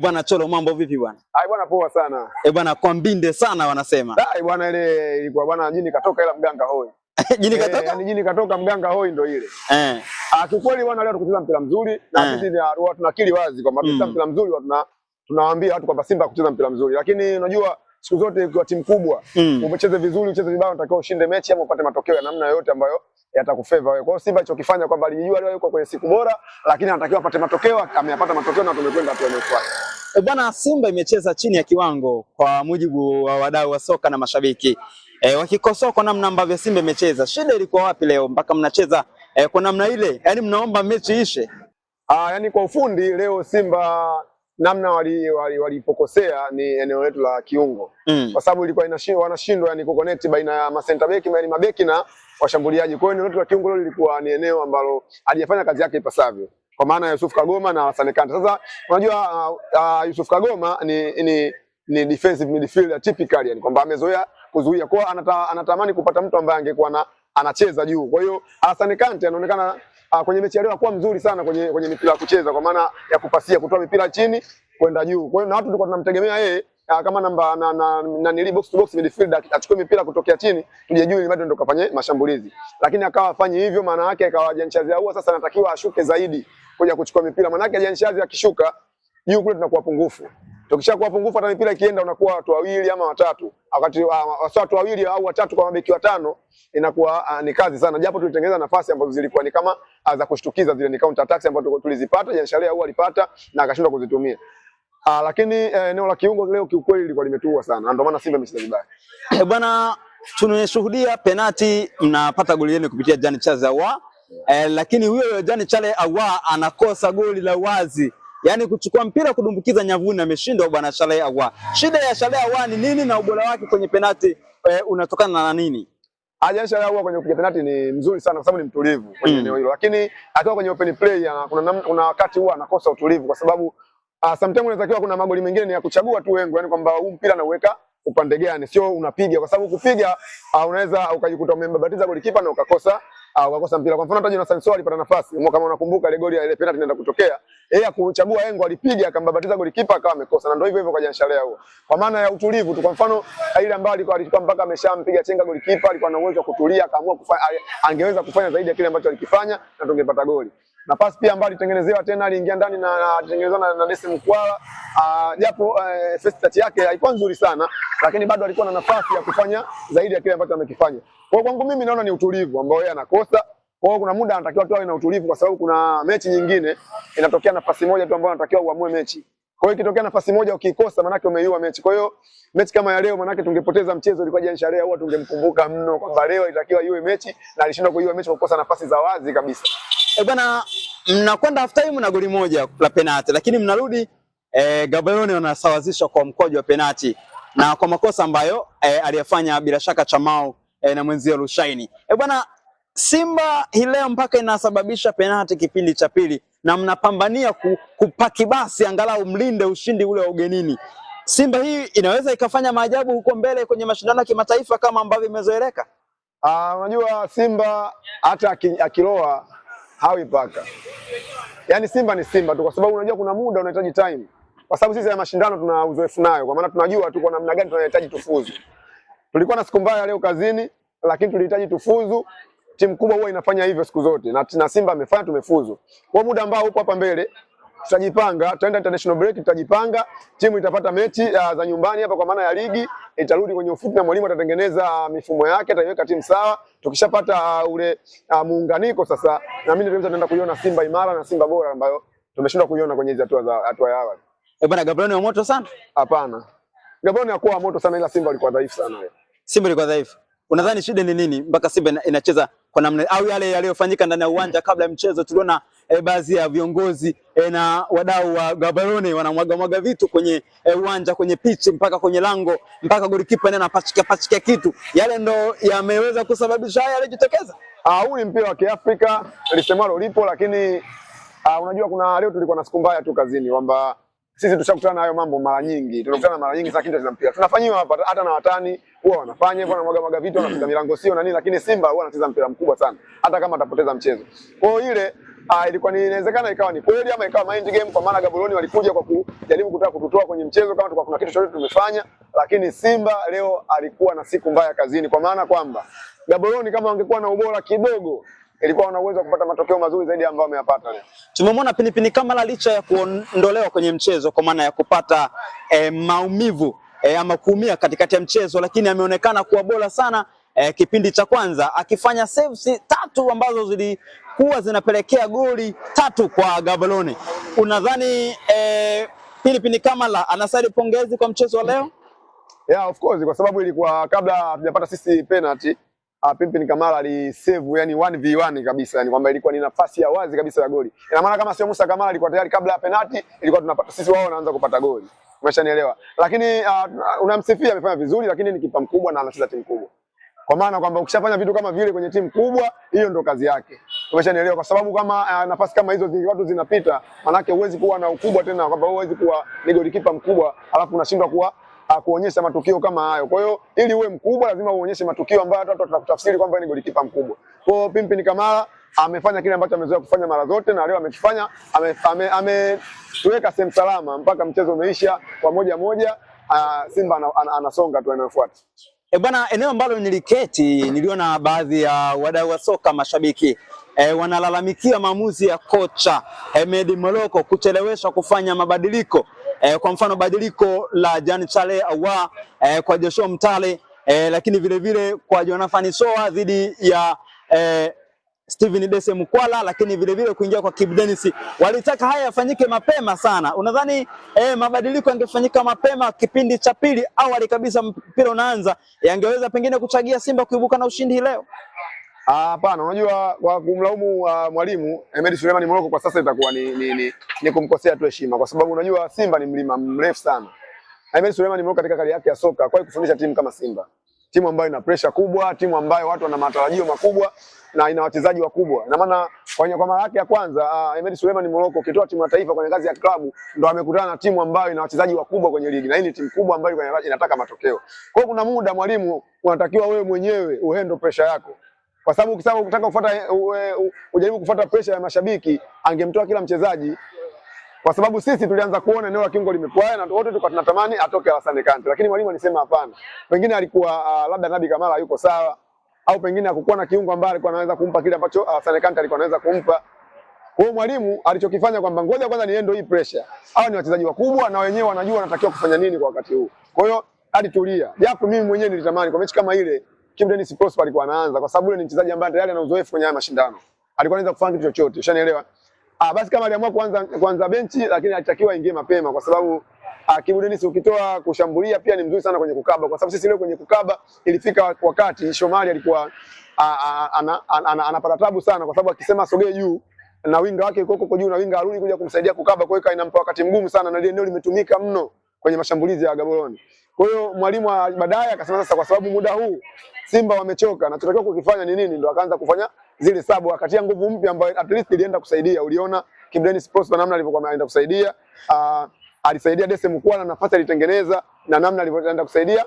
Bwana Cholo, mambo vipi bwana? Ai bwana, poa sana. Eh bwana, kwa mbinde sana wanasema. Ai bwana, ile ilikuwa bwana jini katoka ila mganga hoi. jini eh, katoka? Yaani jini katoka mganga hoi ndo ile. Eh. Ah, kikweli bwana, leo tukucheza mpira mzuri na eh. sisi ni e, tunakiri wazi kwamba tukucheza mm. mpira mzuri tuna tunawaambia watu kwamba Simba kucheza mpira mzuri. Lakini unajua siku zote ukiwa timu kubwa, mm. umecheze vizuri, ucheze vibaya, unatakiwa ushinde mechi ama upate matokeo ya namna yoyote ambayo yatakufavor wewe. Kwa hiyo Simba alichokifanya kwamba alijua leo yuko kwenye siku bora, lakini anatakiwa apate matokeo, ameyapata matokeo na tumekwenda tu eneo inayofuata. E bwana, Simba imecheza chini ya kiwango kwa mujibu wa wadau wa soka na mashabiki e, wakikosoa kwa namna ambavyo Simba imecheza. Shida ilikuwa wapi leo mpaka mnacheza e, kwa namna ile, yaani mnaomba mechi ishe? Aa, ah, yani kwa ufundi leo Simba namna walipokosea wali, wali ni eneo letu la kiungo mm. kwa sababu ilikuwa wanashindwa yani kuconnect baina ya masenta beki yani mabeki na washambuliaji. Kwa hiyo eneo letu la kiungo lilikuwa ni eneo ambalo halijafanya kazi yake ipasavyo kwa maana ya Yusuf Kagoma na Hassan Kante. Sasa unajua uh, uh, Yusuf Kagoma ni, ni ni defensive midfielder typically, yani kwamba amezoea kuzuia kwa anata, anatamani kupata mtu ambaye angekuwa na anacheza juu. Kwa hiyo Hassan uh, Kante anaonekana uh, kwenye mechi ya leo kuwa mzuri sana kwenye kwenye mipira ya kucheza, kwa maana ya kupasia, kutoa mipira chini kwenda juu. Kwa hiyo na watu tulikuwa tunamtegemea yeye uh, kama namba na na, na, na box to box midfielder achukue mipira kutokea chini tuje juu, ili bado ndo kafanye mashambulizi, lakini akawa afanye hivyo, maana yake akawa janchazia huwa sasa anatakiwa ashuke zaidi, kuja kuchukua mipira. manake yake Jan akishuka juu kule tunakuwa pungufu. Tukisha kuwa pungufu hata mipira ikienda unakuwa watu wawili ama watatu. Wakati ah, watu wawili au watatu kwa mabeki watano inakuwa uh, ni kazi sana. Japo tulitengeneza nafasi ambazo zilikuwa ni kama ah, za kushtukiza zile ni counter attacks ambazo tulizipata, Jan Chazi au alipata na akashindwa kuzitumia. Uh, lakini eh, eneo uh, la kiungo leo kiukweli lilikuwa limetua sana. Ndio maana Simba imecheza vibaya. Eh, bwana tumeshuhudia penati mnapata goli lenu kupitia Jan Chaza wa eh, lakini huyo Yojani Chale Awa anakosa goli la wazi yaani kuchukua mpira kudumbukiza nyavuni ameshindwa bwana Chale Awa. Shida ya Chale Awa ni nini na ubora wake kwenye penati eh, unatokana na nini? Ajan Chale Awa kwenye kupiga penati ni mzuri sana kwa sababu ni mtulivu kwenye mm. eneo mm. hilo. Lakini akiwa kwenye open play ana, kuna, kuna wakati huwa anakosa utulivu kwa sababu uh, sometimes unatakiwa kuna magoli mengine ni ya kuchagua tu wengo, yani kwamba huu mpira nauweka upande gani, sio unapiga kwa sababu kupiga uh, unaweza ukajikuta umembabatiza golikipa na ukakosa au ah, kakosa mpira. Kwa mfano hata Jonathan Soa alipata nafasi kama unakumbuka ile goli ile penalty inaenda kutokea, yeye akuchagua engo alipiga akambabatiza golikipa akawa amekosa, na ndio hivyo hivyo kajansha huo, kwa maana ya utulivu tu. Kwa mfano ile ambayo alikuwa alikuwa mpaka ameshampiga chenga golikipa, alikuwa na uwezo wa kutulia, akaamua kufanya, angeweza kufanya zaidi ya kile ambacho alikifanya na tungepata goli nafasi pia ambayo alitengenezewa tena, aliingia ndani na alitengenezwa na, na Dese Mkwala ah, japo uh, first touch yake haikuwa nzuri sana, lakini bado alikuwa na nafasi ya kufanya zaidi ya kile ambacho amekifanya. Kwa hiyo kwangu mimi naona ni utulivu ambao yeye anakosa. Kwa hiyo kuna muda anatakiwa tu awe na utulivu, kwa sababu kuna mechi nyingine inatokea nafasi moja tu ambayo anatakiwa uamue mechi. Kwa hiyo ikitokea nafasi moja ukikosa, manake umeiua mechi. Kwa hiyo mechi kama ya leo, manake tungepoteza mchezo, ilikuwa Jean Sharea, huwa tungemkumbuka mno kwamba leo ilitakiwa iwe mechi, na alishindwa kuiua mechi kwa kukosa nafasi za wazi kabisa e bwana, mnakwenda half time na goli moja la penati, lakini mnarudi e, Gaborone wanasawazisha kwa mkwaju wa penati na kwa makosa ambayo e, aliyafanya bila shaka Chamao e, na mwenzio Rushaini. E bwana, Simba hii leo mpaka inasababisha penati kipindi cha pili na mnapambania ku, kupaki basi angalau mlinde ushindi ule wa ugenini. Simba hii inaweza ikafanya maajabu huko mbele kwenye mashindano ya kimataifa kama ambavyo imezoeleka. Ah, unajua Simba hata akiloa hawi paka. Yaani Simba ni Simba tu, kwa sababu unajua kuna muda unahitaji time, kwa sababu sisi ya mashindano tuna uzoefu nayo, kwa maana tunajua tu kwa namna gani tunahitaji tufuzu. Tulikuwa na siku mbaya leo kazini, lakini tulihitaji tufuzu. Timu kubwa huwa inafanya hivyo siku zote, na, na Simba amefanya tumefuzu. Kwa muda ambao upo hapa mbele tutajipanga, tutaenda international break, tutajipanga. Timu itapata mechi uh, za nyumbani hapa kwa maana ya ligi, itarudi kwenye ufupi na mwalimu atatengeneza mifumo yake, ataiweka timu sawa. Tukishapata uh, ule uh, muunganiko sasa, na mimi ndio tutaenda kuiona Simba imara na Simba bora ambayo tumeshindwa kuiona kwenye hizo hatua za hatua ya awali. Eh, bwana Gabroni wa moto sana? Hapana. Gabroni hakuwa moto sana ila Simba alikuwa dhaifu sana. Simba ilikuwa dhaifu. Unadhani shida ni nini mpaka Simba inacheza kwa namna au yale yaliyofanyika ndani ya uwanja kabla ya mchezo? Tuliona e, baadhi ya viongozi e, na wadau wa Gaborone wanamwaga mwaga vitu kwenye e, uwanja kwenye pichi mpaka kwenye lango mpaka golikipa naye anapachika pachika kitu. Yale ndo yameweza kusababisha haya yalijitokeza. Ah, huu ni mpira wa Kiafrika lisemalo lipo, lakini uh, unajua kuna leo tulikuwa na siku mbaya tu kazini kwamba sisi tushakutana nayo mambo mara nyingi, tunakutana mara nyingi sana kinda za mpira tunafanyiwa hata na watani huwa wanafanya hivyo, wanamwaga mwaga vitu, wanapiga milango sio na nini, lakini Simba huwa anacheza mpira mkubwa sana, hata kama atapoteza mchezo. Kwa hiyo ile Ah, ilikuwa ni inawezekana ikawa ni kweli ama ikawa mind game, kwa maana Gaborone walikuja kwa kujaribu kutaka kututoa kwenye mchezo kama tulikuwa kuna kitu chochote tumefanya, lakini Simba leo alikuwa na siku mbaya kazini, kwa maana kwamba Gaborone kama wangekuwa na ubora kidogo ilikuwa wana uwezo kupata matokeo mazuri zaidi ambayo ameyapata leo. Tumemwona Pinipini Kamala licha ya kuondolewa kwenye mchezo kwa maana ya kupata eh, maumivu eh, ama kuumia katikati ya mchezo, lakini ameonekana kuwa bora sana eh, kipindi cha kwanza akifanya saves tatu ambazo zilikuwa zinapelekea goli tatu kwa Gaborone. Unadhani eh, Pilipini Kamala anastahili pongezi kwa mchezo wa leo? Yeah, of course, kwa sababu ilikuwa kabla hatujapata sisi penalty uh, Pimpin Kamara alisave yani 1v1 kabisa, yani kwamba ilikuwa ni nafasi ya wazi kabisa ya goli. Ina maana kama sio Musa Kamara alikuwa tayari kabla ya penalti, ilikuwa tunapata sisi, wao wanaanza kupata goli. Umeshanielewa? Lakini uh, unamsifia amefanya vizuri, lakini ni kipa mkubwa na anacheza timu kubwa. Kwa maana kwamba ukishafanya vitu kama vile kwenye timu kubwa, hiyo ndio kazi yake. Umeshanielewa? Kwa sababu kama uh, nafasi kama hizo zingi watu zinapita, manake huwezi kuwa na ukubwa tena kwamba huwezi kuwa ni goalkeeper mkubwa alafu unashindwa kuwa kuonyesha matukio kama hayo. Kwa hiyo ili uwe mkubwa lazima uonyeshe matukio ambayo watu watakutafsiri kwamba ni golikipa mkubwa. Kwa hiyo Pimpin Kamara amefanya kile ambacho amezoea kufanya mara zote na leo amekifanya, ametuweka ame, ame sehemu salama mpaka mchezo umeisha kwa moja moja. Uh, Simba an, an, anasonga tu anayofuata. E eh, bwana, eneo ambalo niliketi niliona baadhi ya wadau wa soka mashabiki e, wanalalamikia maamuzi ya kocha Hemed Moroko kucheleweshwa kufanya mabadiliko eh, kwa mfano badiliko la Jan Chale Ahoua eh, kwa Joshua Mtale eh, lakini vile vile kwa Jonathan Soa dhidi ya eh, Steven Dese Mkwala, lakini vile vile kuingia kwa Kibu Dennis. Walitaka haya yafanyike mapema sana. Unadhani eh, mabadiliko yangefanyika mapema kipindi cha pili, awali kabisa mpira unaanza, yangeweza pengine kuchagia Simba kuibuka na ushindi leo? Ah, hapana, unajua kwa kumlaumu uh, mwalimu Hemed Suleiman Moroko kwa sasa itakuwa ni, ni, ni, ni kumkosea tu heshima, kwa sababu unajua Simba ni mlima mrefu sana. Hemed Suleiman Moroko katika kari yake ya soka kwa kufundisha timu kama Simba, timu ambayo ina pressure kubwa, timu ambayo watu wana matarajio makubwa na ina wachezaji wakubwa. Na maana kwa kwa mara yake ya kwanza uh, ah, Hemed Suleiman Moroko kitoa timu ya taifa kwenye kazi ya klabu ndo amekutana na timu ambayo ina wachezaji wakubwa kwenye ligi na hii ni timu kubwa ambayo inataka matokeo. Kwa kuna muda mwalimu, unatakiwa wewe mwenyewe uhandle pressure yako kwa sababu ukisema unataka kufuata eh, eh, ujaribu kufuata pressure ya mashabiki, angemtoa kila mchezaji, kwa sababu sisi tulianza kuona eneo la kiungo limekuwa na wote tulikuwa tunatamani atoke Alassane Kante, lakini mwalimu alisema hapana, pengine alikuwa uh, labda Nabi Kamara yuko sawa, au pengine hakukuwa na kiungo ambaye alikuwa anaweza kumpa kile ambacho Alassane Kante alikuwa anaweza kumpa. Kwa hiyo mwalimu alichokifanya kwamba ngoja kwanza niendo hii pressure. Hawa ni wachezaji wakubwa na wenyewe wanajua wanatakiwa kufanya nini kwa wakati huu. Kwa hiyo hadi tulia. Japo mimi mwenyewe nilitamani kwa mechi kama ile Kim Dennis Prosper alikuwa anaanza kwa sababu yule ni mchezaji ambaye tayari ana uzoefu kwenye mashindano. Alikuwa anaweza kufanya kitu chochote, ushanielewa? Ah, basi kama aliamua kuanza kuanza benchi lakini alitakiwa aingie mapema kwa sababu ah, Kim Dennis ukitoa kushambulia pia ni mzuri sana kwenye kukaba kwa sababu sisi leo kwenye kukaba ilifika wakati Shomari alikuwa ah, ah, anapata tabu sana kwa sababu akisema sogee juu na winga wake yuko huko juu na winga arudi kuja kumsaidia kukaba, kwa hiyo inampa wakati mgumu sana na ile eneo limetumika mno kwenye mashambulizi ya Gaboroni. Kwa hiyo mwalimu baadaye akasema sasa, kwa sababu muda huu Simba wamechoka na tunatakiwa kukifanya ni nini, ndo akaanza kufanya zile sabu, akatia nguvu mpya ambayo at least ilienda kusaidia. Uliona Kibleni Sports kwa namna alivyokuwa ameenda kusaidia, uh, alisaidia Desem kuwa na nafasi alitengeneza na namna alivyoenda kusaidia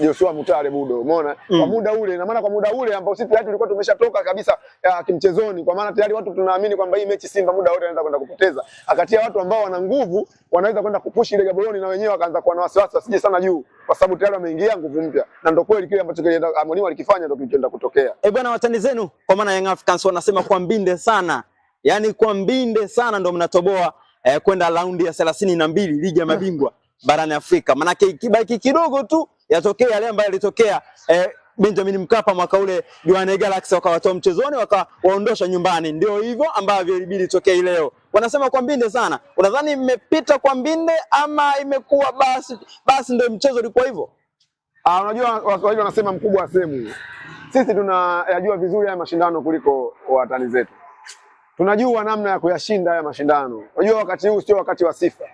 Joshua Mutale budo, umeona mm. Kwa muda ule, na maana kwa muda ule ambao sisi tayari tulikuwa tumeshatoka kabisa ya, eh, kimchezoni, kwa maana tayari watu tunaamini kwamba hii mechi Simba muda wote anaweza kwenda kupoteza, akatia watu ambao wana nguvu, wanaweza kwenda kupush ile Gaborone, na wenyewe wakaanza kuwa na wasiwasi wasije sana juu, kwa sababu tayari wameingia nguvu mpya, na ndio kweli kile ambacho mwalimu alikifanya ndio kilichoenda kutokea. Eh bwana, watani zenu kwa maana Young Africans wanasema kwa mbinde sana, yani kwa mbinde sana ndio mnatoboa eh, kwenda raundi ya 32 na ligi ya mabingwa barani Afrika, maanake kibaki kidogo tu yatokee yale ambayo yalitokea eh, Benjamin Mkapa mwaka ule Jwaneng Galaxy wakawatoa mchezoni wakawaondosha nyumbani. Ndio hivyo ambavyo ilibidi tokee leo. Wanasema kwa mbinde sana. Unadhani mmepita kwa mbinde ama imekuwa basi basi ndio mchezo ulikuwa hivyo? Ah, unajua Waswahili wanasema mkubwa wa sehemu. Sisi tunayajua vizuri haya mashindano kuliko watani zetu. Tunajua namna ya kuyashinda haya mashindano. Unajua wakati huu sio wakati wa sifa.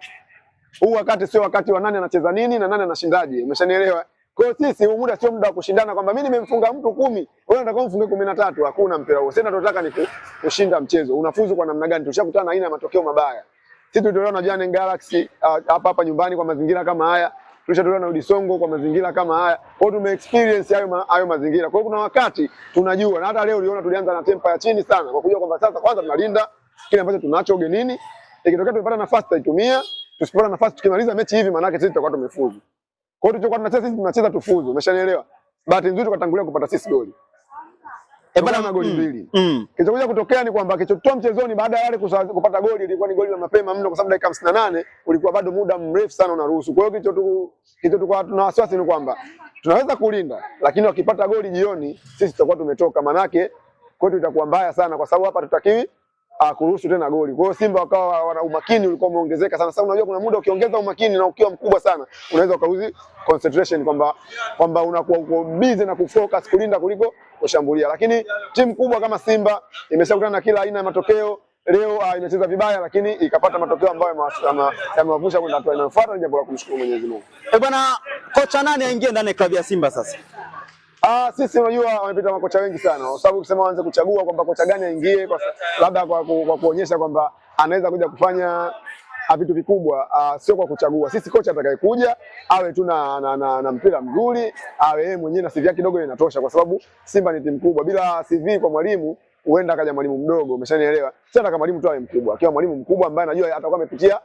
Huu wakati sio wakati wa nani anacheza nini na nani anashindaje. Umeshanielewa? Kwa hiyo sisi huu muda sio muda wa kushindana kwamba mimi nimemfunga mtu kumi, wewe unataka umfunge 13. Hakuna mpira huo. Sasa tunataka ni kushinda mchezo. Unafuzu kwa namna gani? Tushakutana na aina ya matokeo mabaya. Sisi tulitolewa na Jane Galaxy hapa uh, hapa nyumbani kwa mazingira kama haya. Tulishatolewa na Udisongo kwa mazingira kama haya. Kwa hiyo tume experience hayo ma, mazingira. Kwa hiyo kuna wakati tunajua na hata leo uliona tulianza na tempo ya chini sana. Kwa kujua kwamba sasa kwanza tunalinda kile ambacho tunacho ugenini. Ikitokea tumepata nafasi tutaitumia Tusipopata nafasi tukimaliza mechi hivi maana yake sisi tutakuwa tumefuzu. Kwa hiyo tulichokuwa tunacheza sisi tunacheza tufuzu, umeshanielewa? Bahati nzuri tukatangulia kupata sisi goli. Eh, bana na goli mm, mbili. Mm, mm. Kilichokuja kutokea ni kwamba kichotoa mchezoni baada ya wale kupata goli ilikuwa ni goli la mapema mno kwa sababu dakika 58 ulikuwa bado muda mrefu sana unaruhusu. Kwa hiyo kichotu kichotukwa tuna wasiwasi ni kwamba tunaweza kulinda lakini wakipata goli jioni sisi tutakuwa tumetoka maana yake kwetu itakuwa mbaya sana kwa sababu hapa tutakiwi akuruhusu tena goli. Kwa hiyo Simba wakawa wana umakini ulikuwa umeongezeka sana. Sasa unajua kuna muda ukiongeza umakini na ukiwa mkubwa sana unaweza ukauzi concentration kwamba kwamba unakuwa uko busy na kufocus kulinda kuliko kushambulia. Lakini timu kubwa kama Simba imeshakutana na kila aina ya matokeo leo uh, imecheza vibaya lakini ikapata matokeo ambayo yamewavusha kwenda hatua inayofuata. Ni jambo la kumshukuru Mwenyezi Mungu. Eh bwana, kocha nani aingie ndani ya klabu ya Simba sasa? Ah, sisi unajua wamepita makocha wengi sana. Kwa sababu ukisema waanze kuchagua kwamba kocha gani aingie kwa labda kwa, ku, kwa kuonyesha kwamba anaweza kuja kufanya ah, vitu vikubwa, ah, sio kwa kuchagua. Sisi kocha atakayekuja awe tu na, na, na, na mpira mzuri, awe yeye mwenyewe na CV yake kidogo inatosha, kwa sababu Simba ni timu kubwa. Bila CV kwa mwalimu huenda akaja mwalimu mdogo, umeshanielewa? Sasa kama mwalimu tu awe mkubwa, akiwa mwalimu mkubwa ambaye anajua atakuwa amepitia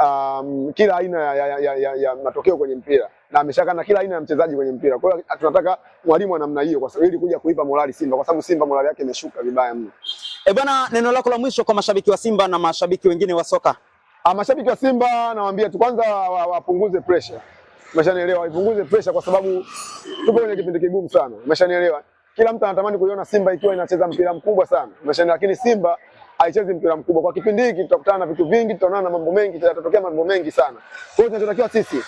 um, kila aina ya, ya, ya, ya, ya matokeo kwenye mpira na ameshakaa na kila aina ya mchezaji kwenye mpira. Kwa hiyo tunataka mwalimu wa namna hiyo, kwa sababu ili kuja kuipa morali Simba, kwa sababu Simba morali yake imeshuka vibaya mno. Eh bwana, neno lako la mwisho kwa mashabiki wa Simba na mashabiki wengine wa soka? Ah, mashabiki wa Simba nawaambia tu kwanza wapunguze wa pressure, umeshanielewa, Ipunguze pressure kwa sababu tupo kwenye kipindi kigumu sana, umeshanielewa. Kila mtu anatamani kuiona Simba ikiwa inacheza mpira mkubwa sana, umeshanielewa, lakini Simba haichezi mpira mkubwa kwa kipindi hiki. Tutakutana na vitu vingi, tutaonana na mambo mengi, yatatokea mambo mengi sana. Kwa hiyo tunachotakiwa sisi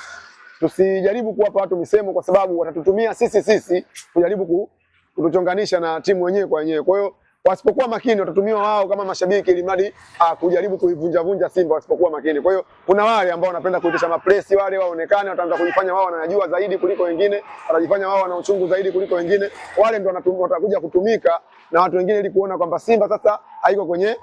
Tusijaribu kuwapa watu misemo, kwa sababu watatutumia sisi sisi kujaribu kutuchonganisha na timu wenyewe kwa wenyewe. Kwa hiyo wasipokuwa makini watatumiwa wao kama mashabiki, ili mradi ah, kujaribu kuivunjavunja Simba wasipokuwa makini. Kwa hiyo kuna wale ambao wanapenda kuitisha mapresi, wale waonekane, wataanza kujifanya wao wanajua zaidi kuliko wengine, watajifanya wao wana uchungu zaidi kuliko wengine. Wale ndio watakuja kutumika na watu wengine ili kuona kwamba Simba sasa haiko kwenye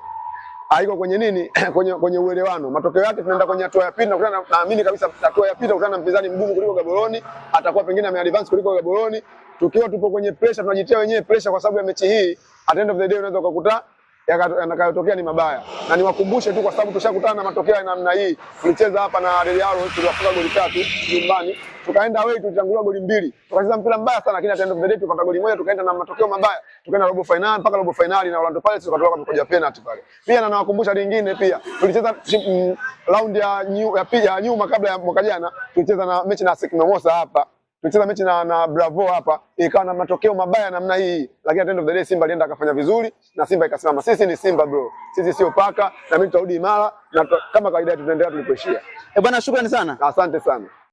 haiko ah, kwenye nini kwenye, kwenye uelewano. Matokeo yake tunaenda kwenye hatua ya pili na kutana, naamini kabisa hatua ya pili tutakutana na mpinzani mgumu kuliko Gaboroni, atakuwa pengine ameadvance kuliko Gaboroni. Tukiwa tupo kwenye pressure, tunajitia wenyewe pressure kwa sababu ya mechi hii, at the end of the day unaweza ukakuta yanakayotokea ni mabaya, na niwakumbushe tu, kwa sababu tushakutana na matokeo ya namna hii. Tulicheza hapa na Real Arrows tuliwafunga goli tatu nyumbani, tukaenda away tulitangulia goli mbili, tukacheza mpira mbaya sana, lakini at the end of tukapata goli moja, tukaenda na matokeo mabaya, tukaenda robo final mpaka robo finali na Orlando Pirates, tukatoka kwa mkoja penalty pale. Pia na nawakumbusha lingine pia, tulicheza mm, round ya, ya, pili ya nyuma kabla ya mwaka jana tulicheza na mechi na Sekimomosa hapa tulicheza mechi na, na Bravo hapa ikawa na matokeo mabaya namna hii, lakini at end of the day Simba alienda akafanya vizuri na Simba ikasimama. Sisi ni Simba bro, sisi sio paka, na mimi tutarudi imara na kama kawaida tutaendelea tulipoishia. Eh bwana, shukrani sana, asante sana.